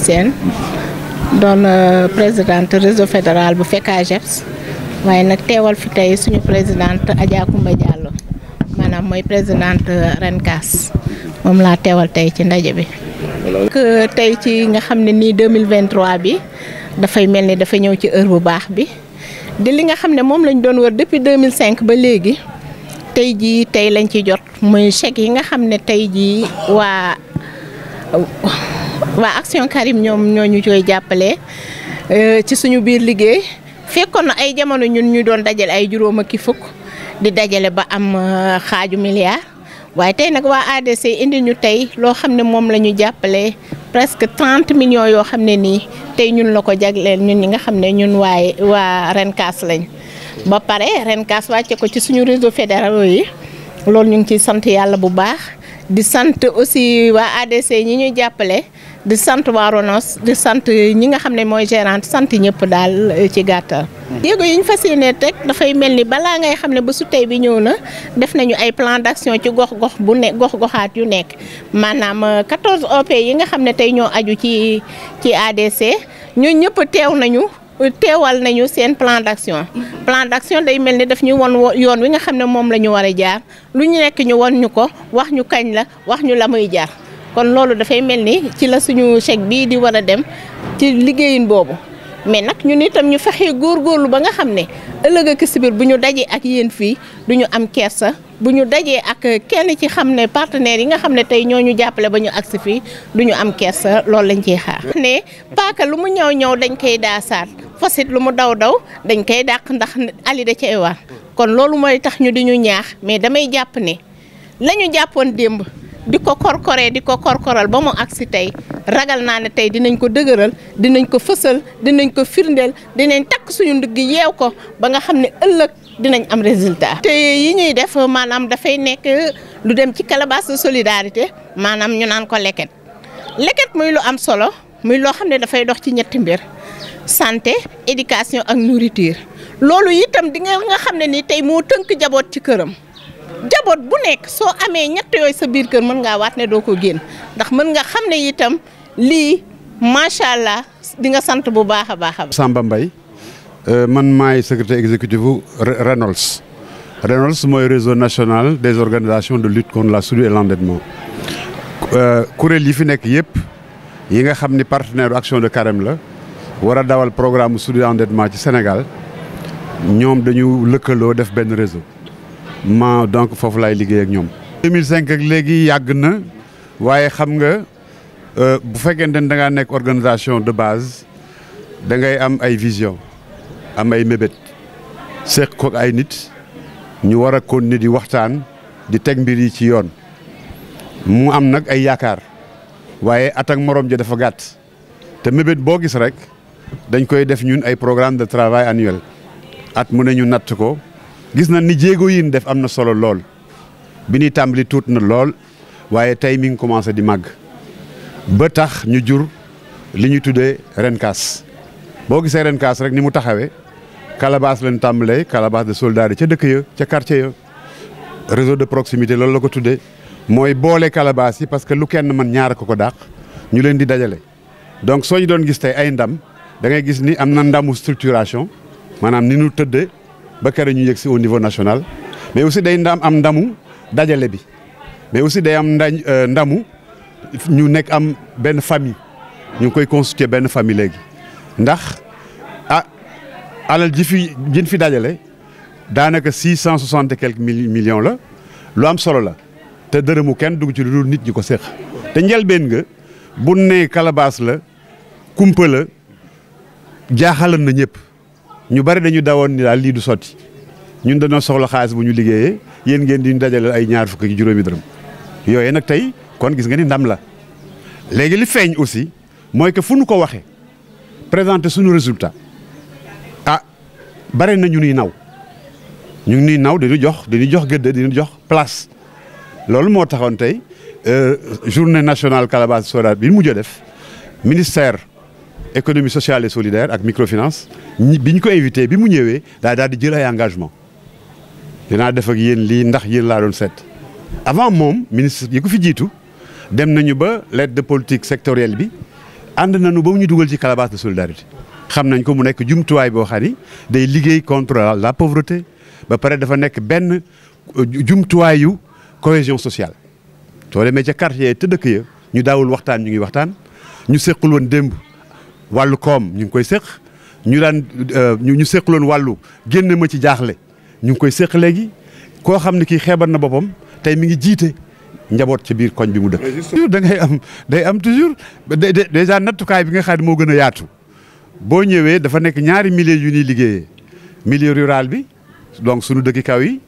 seen doon euh, présidente réseau fédéral bu FECAJEPS waaye nag teewal fi tey suñu présidente Adja Koumba Diallo maanaam mooy présidente euh, RENCAS moom laa teewal tey ci ndaje bi. Euh, tey ci nga xam ne nii 2023 bi dafay mel ni dafa ñëw ci heure bu baax bi di li nga xam ne moom lañ doon wër depuis 2005 ba léegi tey jii tey lañ ci jot muy chèque yi nga xam ne tey jii waa. waa action Karim ñoom ñoo ñu koy jàppale euh, ci suñu biir liggéey fekkoon na ay jamono ñun ñu doon dajale ay juróom fukk di dajale ba am euh, xaaju milliard waaye tey nag waa ADC indi tey loo xam ne moom la ñu jàppale presque trente millions yoo xam ne nii tey ñun la ko jagleel ñun ñi nga xam ne ñun waaye waa Renkaas lañ ba pare Renkaas wàcce ko ci suñu réseau fédéraux yi loolu ñu ngi ciy sant yàlla bu baax di sant aussi waa ADC ñi ñu jàppale. di sant waa Ronos di sant ñi nga xam ne mooy gérante sant ñëpp daal eh, ci gàttal. jéego hmm. yi ñu fas yéene teg dafay mel ni balaa ngay xam ne ba su tey bi ñëw na def nañu ay plan d'action ci gox-gox bu ne gox-goxaat yu nekk maanaam 14 eh, OP yi nga xam ne tey ñoo aju ci ci ADC ñun ñëpp teew nañu. teewal nañu seen plan d'action hmm. plan d'action day mel ni daf ñu won yoon wi nga xam ne moom la ñu war a jaar lu ñu nekk ñu won ñu ko wax ñu kañ la wax ñu la muy jaar kon loolu dafay mel ni ci la suñu chèque bii di war a dem ci liggéeyin boobu mais nag ñun itam ñu góor góorlu ba nga xam ne ëllëg a ak sibir bu ñu dajee ak yéen fii du ñu am kersa bu ñu dajee ak kenn ci xam ne partenaires yi nga xam ne tey ñoo ñu jàppale ba ñu agsi fii du ñu am kersa loolu lañ ciy xaar. ne paaka lu mu ñëw ñëw dañ koy daasaat fasit lu mu daw daw dañ koy dàq ndax ali da cay waar kon loolu mooy tax ñu di ñu ñaax mais damay jàpp ne la ñu jàppoon démb. di ko korkoree di ko korkoral ba mu agsi tey ragal naa ne tey dinañ ko dëgëral dinañ ko fësal dinañ ko firndeel dinañ takk suñu ndigg yeew ko ba nga xam ne ëllëg dinañ am résultat. te yi ñuy def maanaam dafay nekk lu dem ci calebasse de solidarité maanaam ñu naan ko leket leket muy lu am solo muy loo xam ne dafay dox ci ñetti mbir santé éducation ak nourriture loolu itam di nga xam ne nii tey moo tënk jaboot ci këram. jaboot bu nekk soo amee ñett yooyu sa biir kër mën ngaa waat ne doo ko génn ndax mën nga xam ne itam lii macha allah di nga sant bu baax a baax a baax. Samba Mbaye euh, man maay secrétaire exécutif bu Reynolds Reynolds mooy réseau national des organisations de lutte contre la soudure et l'endettement euh, kuréel yi fi nekk yëpp yi nga xam ni partenaire action de carême la war a dawal programme soudure endettement ci Sénégal ñoom dañu lëkkaloo def benn réseau. ma donc foofu laay liggéey ak ñoom. 2005 ak léegi yàgg na waaye xam nga euh, bu fekkente ne da ngaa nekk organisation de base da ngay am ay vision am ay mébét seq ko ay nit ñu war a continuer di waxtaan di teg mbir yi ci yoon mu am nag ay yaakaar waaye at ak morom ja dafa gàtt te mébét boo gis rek dañ koy def ñun ay programme de travail annuel at mu ne ñu natt ko. gis na ni jéego yi def am na solo lool bi ñuy tàmbali tuut na lool waaye tey mi ngi commencé di màgg ba tax ñu jur li ñu tuddee Renkaas boo gisee Renkaas rek ni mu taxawee calebasse leen tàmbalee calebasse de soldats ca dëkk ya ca quartier ya réseau de proximité loolu la ko tuddee mooy boole calebasse yi parce que lu kenn man ñaar ko ko dàq ñu leen di dajale. donc soo ñu doon gis tey ay ndam dangay gis ni am na ndamu structuration maanaam ni ñu tëddee. ba kere ñu yëg si au niveau national mais aussi day ndam am ndamu dajale bi mais aussi day am euh, ndamu ñu nekk am benn famille ñu ngi koy constituer benn famille léegi ndax a ah, alal ji fi jin fi dajale daanaka six cent soixante et quelques millions la lu am solo la te dërëmu kenn dugg ci lu nit ñi ko séq te njëlbeen nga bu ne kalabaas la kumpa la jaaxalan na ñëpp ñu bari dañu dawoon ni daal lii du sotti ñun dañoo soxla xaalis bu ñu liggéeyee yéen ngeen di ñu dajaleel ay ñaar fukki juróomi dërëm yooyu nag tey kon gis nga ni ndam la léegi li feeñ aussi mooy que fu nu ko waxee présenter suñu résultat ah bari nañu ñu naw ñu ngi nuy naw dañu jox dañu jox gëdd dinu jox place loolu moo taxoon tey euh, journée nationale calebasse soda bi mu mujj def ministère économie sociale et solidaire ak microfinance bi ñu ko invité bi mu ñëwee daa daal di jël ay engagement dinaa def ak yéen lii ndax yéen laa doon seet avant moom ministre yi ko fi jiitu dem nañu ba lettre de politique sectorielle bi ànd nañu ba mu ñu dugal ci calebasse de solidarité xam nañ ko mu nekk jumtuwaay boo xam day liggéey contre la pauvreté ba pare dafa nekk benn euh, jumtuwaayu cohésion sociale soo demee ca quartier te dëkk ya ñu daawul waxtaan ñu ngi waxtaan ñu sequl woon démb wàllu koom ñu ngi koy séq ñu daan euh, ñu séqaloon wàllu génn ma ci jaaxle ñu ngi koy séq léegi koo xam ne kii xeeban na boppam tey mi ngi jiite njaboot ci biir koñ bi mu dëkk. toujours da ngay am day am toujours déjà nattukaay bi nga xam ne moo gën a yaatu boo ñëwee dafa nekk ñaari milieu yu ñuy liggéeyee milieu rural bi donc suñu dëkki kaw yi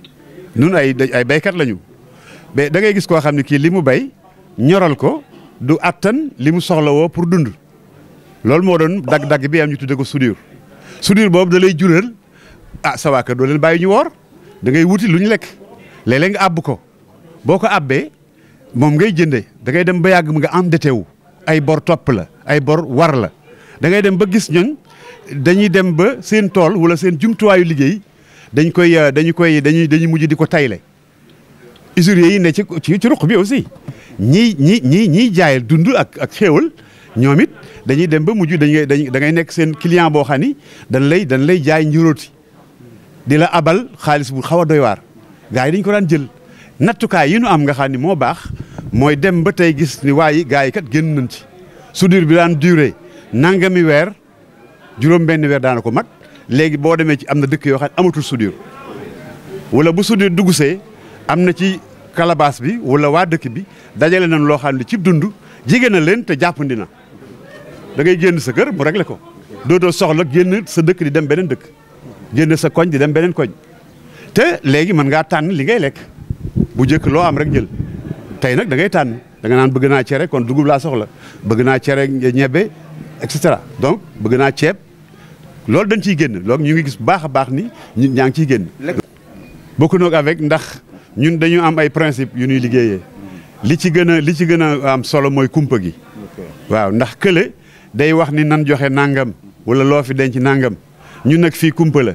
nun ay ay béykat lañu mais da ngay gis koo xam ne kii li mu bay ñoral ko du attan li mu soxlawoo pour dund. loolu moo doon dagg-dagg bi am ñu tudde ko soudure soudure boobu da lay jural ah sa waa kër doo leen bàyyi ñu woor da ngay wuti lu ñu lekk léeg nga àbb ko boo ko àbbee moom ngay jënde dangay dem ba yàgg mu nga endetté wu ay bor topp la ay bor war la dangay dem ba gis ñoñ dañuy dem ba seen tool wala seen jumtuwaayu liggéey dañ koy euh, dañu koy dañuy dañuy mujj di ko tayle usuriers yi ne ci ci ruq bi aussi ñii ñi ñii ñiy jaay dund ak ak xéewal ñoom it dañuy dem ba mujj dañuy dañ da ngay nekk seen client boo xam ni dañ lay dañ lay jaay njuróoti di la abal xaalis bu xaw a doy waar gars yi dañ ko daan jël nattukaay yi nu am nga xani moo baax mooy dem ba tey gis ni waaye gars yi kat génn nañ ci soudure bi daan duré nangami weer juróom benn weer daana ko mag léegi boo demee ci am na dëkk yoo xam ne amatul soudure wala bu soudure dugusee am na ci calebasse bi wala waa dëkk bi dajale nañ loo xam ne cib dund jigéen na leen te jàppandi na da ngay génn sa kër mu réglé ko dootoo soxla génn sa dëkk di dem beneen dëkk génn sa koñ di dem beneen koñ te léegi mën ngaa tànn li ngay lekk bu njëkk loo am rek jël tey nag da ngay tànn danga nga naan bëgg naa cere kon dugub laa soxla bëgg naa cere ñebe et cetera donc bëgg naa ceeb loolu dañ ciy génn loolu ñu ngi gis bu baax a baax ni ñun ñaa ngi ciy génn. bokk noog avec ndax ñun dañu am ay principe yu ñuy liggéeye li ci gën a li ci gën a am solo mooy kumpa gi. day wax ni nan joxe nangam wala loo fi denc nangam ñu nag fii kumpa la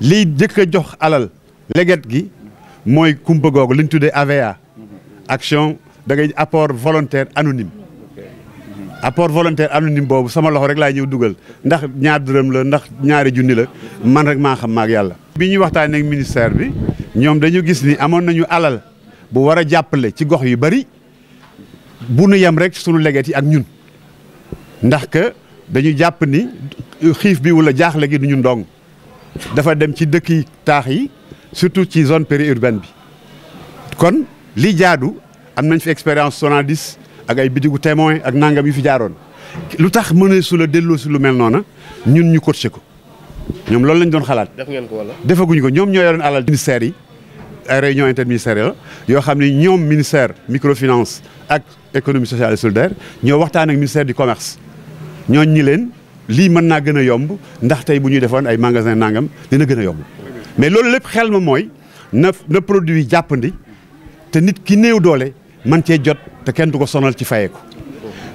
liy jëkk a jox alal leget gi mooy kumpa googu li ñu tuddee AVA action da ngay apport volontaire anonyme apport volontaire anonyme boobu sama loxo rek laay ñëw dugal ndax ñaar dërëm la ndax ñaari junni la man rek maa xam maak yàlla. bi ñuy waxtaanee ak ministère bi ñoom dañu gis ni amoon nañu alal bu war a jàppale ci gox yu bari bu nu yam rek sunu leget yi ak ñun. ndax que dañu jàpp ni xiif bi wala jaaxle gi du ñu ndong dafa dem ci dëkk yi taax yi surtout ci zone périurbaine bi kon li jaadu am nañ fi expérience Sonadis ak ay bitigu témoin ak nangam yi fi jaaroon lu tax mënee su la delloo si lu mel noona ñun ñu coaché ko ñoom lool lañ doon xalaat. def ko wala defaguñ ko ñoom ñoo yoroon alal ministères yi ay réunion interministérielle la yoo xam ne ñoom ministère microfinance ak économie sociale et solidaire ñoo waxtaan ak ministère du commerce. ñooñ ñi leen lii mën naa gën a yomb ndax tey bu ñuy defoon ay magasin nangam dina gën a yomb mais loolu lépp xel ma mooy na na produit jàppandi te nit ki néew doole man cee jot te kenn du ko sonal ci fayeeku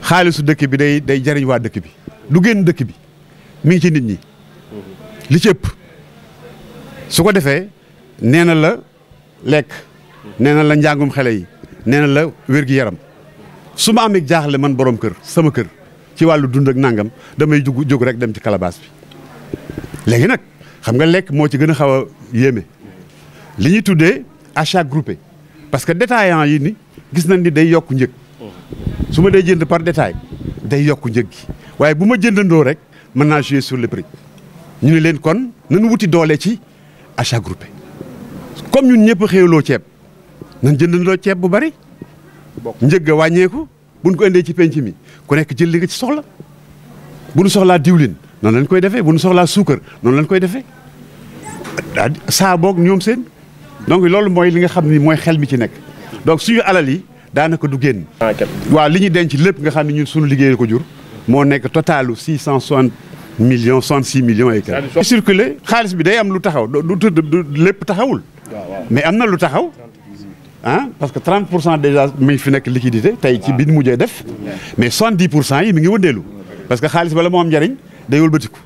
xaalisu dëkk bi day day jariñ waa dëkk bi du génn dëkk bi mu ngi ci nit ñi li ci ëpp su ko defee nee na la lekk nee na la njàngum xele yi nee na la wér-gi-yaram su ma amee jaaxle man borom kër sama kër ci wàllu dund ak nangam damay jug jóg rek dem ci calebasse bi léegi nag xam nga lekk moo ci gën a xaw a yéeme li ñuy tuddee achat groupé parce que détaillant yi ni gis nañ ni day yokk njëg su ma dee jënd par détail day yokk njëg gi waaye bu ma jëndandoo rek mën naa jouer sur le prix ñu ne leen kon nañu wuti doole ci achat groupé comme ñun ñëpp xéewloo ceeb nañ jëndandoo ceeb bu bari njëg ga wàññeeku bu buñ ko indee ci penc mi ku nekk jël li nga ci soxla bu nu soxlaa diwlin noonu lañ koy defee bu nu soxlaa suukar noonu lañ koy defee daa saa ñoom seen donc loolu mooy li nga xam ni mooy xel mi ci nekk donc suñu alal yi daanaka du génn. waa li ñu denc lépp nga xam ne ñun suñu liggéey ko jur moo nekk totalu six cent soixante millions soixante six millions et quelques. circulé xaalis bi day am lu taxaw du lépp taxawul. mais am na lu taxaw. ah parce que 30 pour cent déjà mi ngi fi nekk liquidité tey ci bi ñu mujjee def mais 70 pour cent yi mi ngi wëndeelu parce que xaalis bala moo am njariñ day wëlbatiku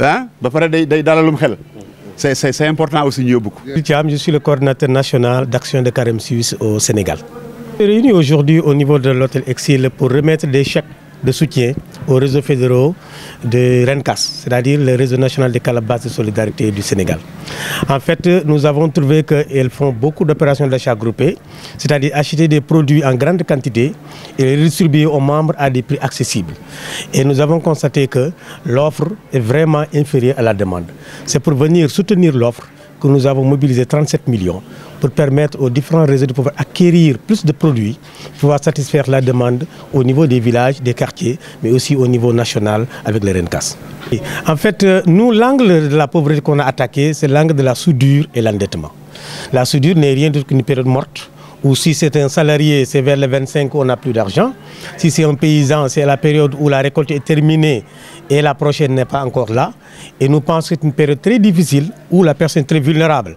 ah ba pare dalalum xel c'est c'est c'est important aussi ñu yóbbu ko. le coordinateur national d'action de Carême Suisse au Sénégal. réunis aujourd'hui au niveau de l'hôtel Exil pour remettre des chèques de soutien aux réseaux fédéraux de RENCAS, c'est-à-dire le réseau national des calabasses de solidarité du Sénégal. En fait, nous avons trouvé qu'elles font beaucoup d'opérations d'achat groupé, c'est-à-dire acheter des produits en grande quantité et les aux membres à des prix accessibles. Et nous avons constaté que l'offre est vraiment inférieure à la demande. C'est pour venir soutenir l'offre que nous avons mobilisé 37 millions pour permettre aux différents réseaux de pouvoir acquérir plus de produits, pouvoir satisfaire la demande au niveau des villages, des quartiers, mais aussi au niveau national avec les RENCAS. Et en fait, euh, nous, l'angle de la pauvreté qu'on a attaqué, c'est l'angle de la soudure et l'endettement. La soudure n'est rien d'autre qu'une période morte ou si c'est un salarié, c'est vers les 25 on n'a plus d'argent. période où la récolte est terminée et la prochaine encore là. Et nous très difficile où la personne est très vulnérable.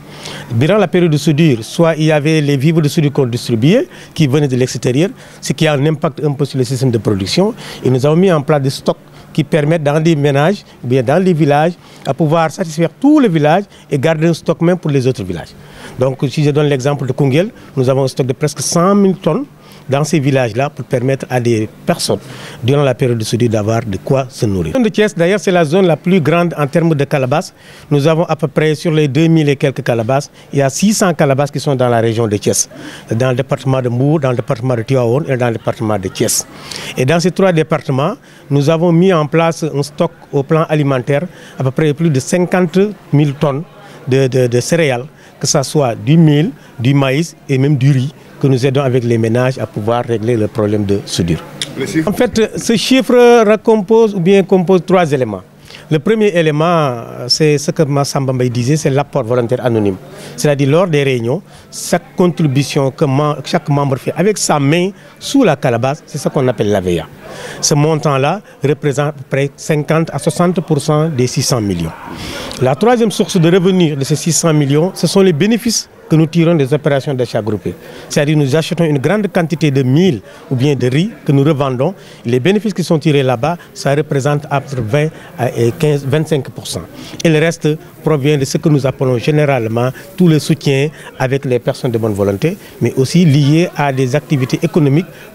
Durant la période de soudure, soit il y avait les vivres de soudure qui venaient de l'extérieur, ce qui a un impact un le système de production. Et nous avons mis en place des stocks qui permettent dans les ménages, bien dans les villages, à pouvoir satisfaire tout le village et garder un stock même pour les autres villages. Donc si je donne l'exemple de Kungel, nous avons un stock de presque tonnes dans ces villages-là pour permettre à des personnes, durant la période de soudure, d'avoir de quoi se nourrir. d'ailleurs, c'est la zone la plus grande en termes de calabasses. Nous avons à peu près, sur les et quelques calabasses, il y a 600 calabasses qui sont dans la région de Thiès, dans le département de Mbour, dans le département de Tiaoun et dans ces trois départements, nous avons mis en place un stock au plan alimentaire, à peu près plus de 50 000 tonnes de, de, de céréales, que ce soit du mil, du maïs et du riz que nous aidons avec les ménages à pouvoir régler le problème de soudure. En fait, ce chiffre recompose ou bien compose trois éléments. Le premier élément, c'est ce que Massamba Mbaye disait, c'est l'apport volontaire anonyme. C'est-à-dire lors des réunions, chaque membre fait avec sa main sous la calabasse, c'est ce qu'on appelle la VEA. Ce montant-là représente près 50 à des 600 millions. La troisième source de revenus de ces millions, ce sont les bénéfices que nous tirons des opérations d'achat groupé. C'est-à-dire de mil ou bien de riz que nous revendons. Les bénéfices qui sont tirés là-bas, ça représente entre 20 de ce que nous appelons généralement tout le soutien avec les personnes de bonne volonté, aussi lié à des activités économiques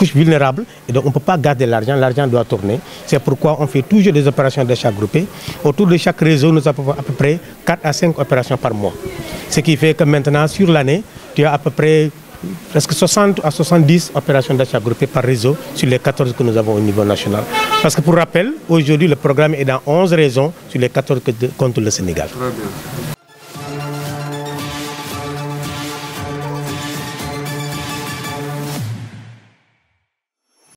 couche vulnérable on ne peut pas garder l'argent, l'argent doit tourner. C'est pourquoi on fait toujours des opérations d'achat groupé. Autour de chaque réseau, nous avons à à 5 par mois. Ce qui fait que maintenant, sur l'année, tu as peu près presque 60 à opérations d'achat groupées par réseau sur les 14 que nous avons au niveau national. Parce que pour rappel, aujourd'hui le programme est dans 11 régions sur les 14 que compte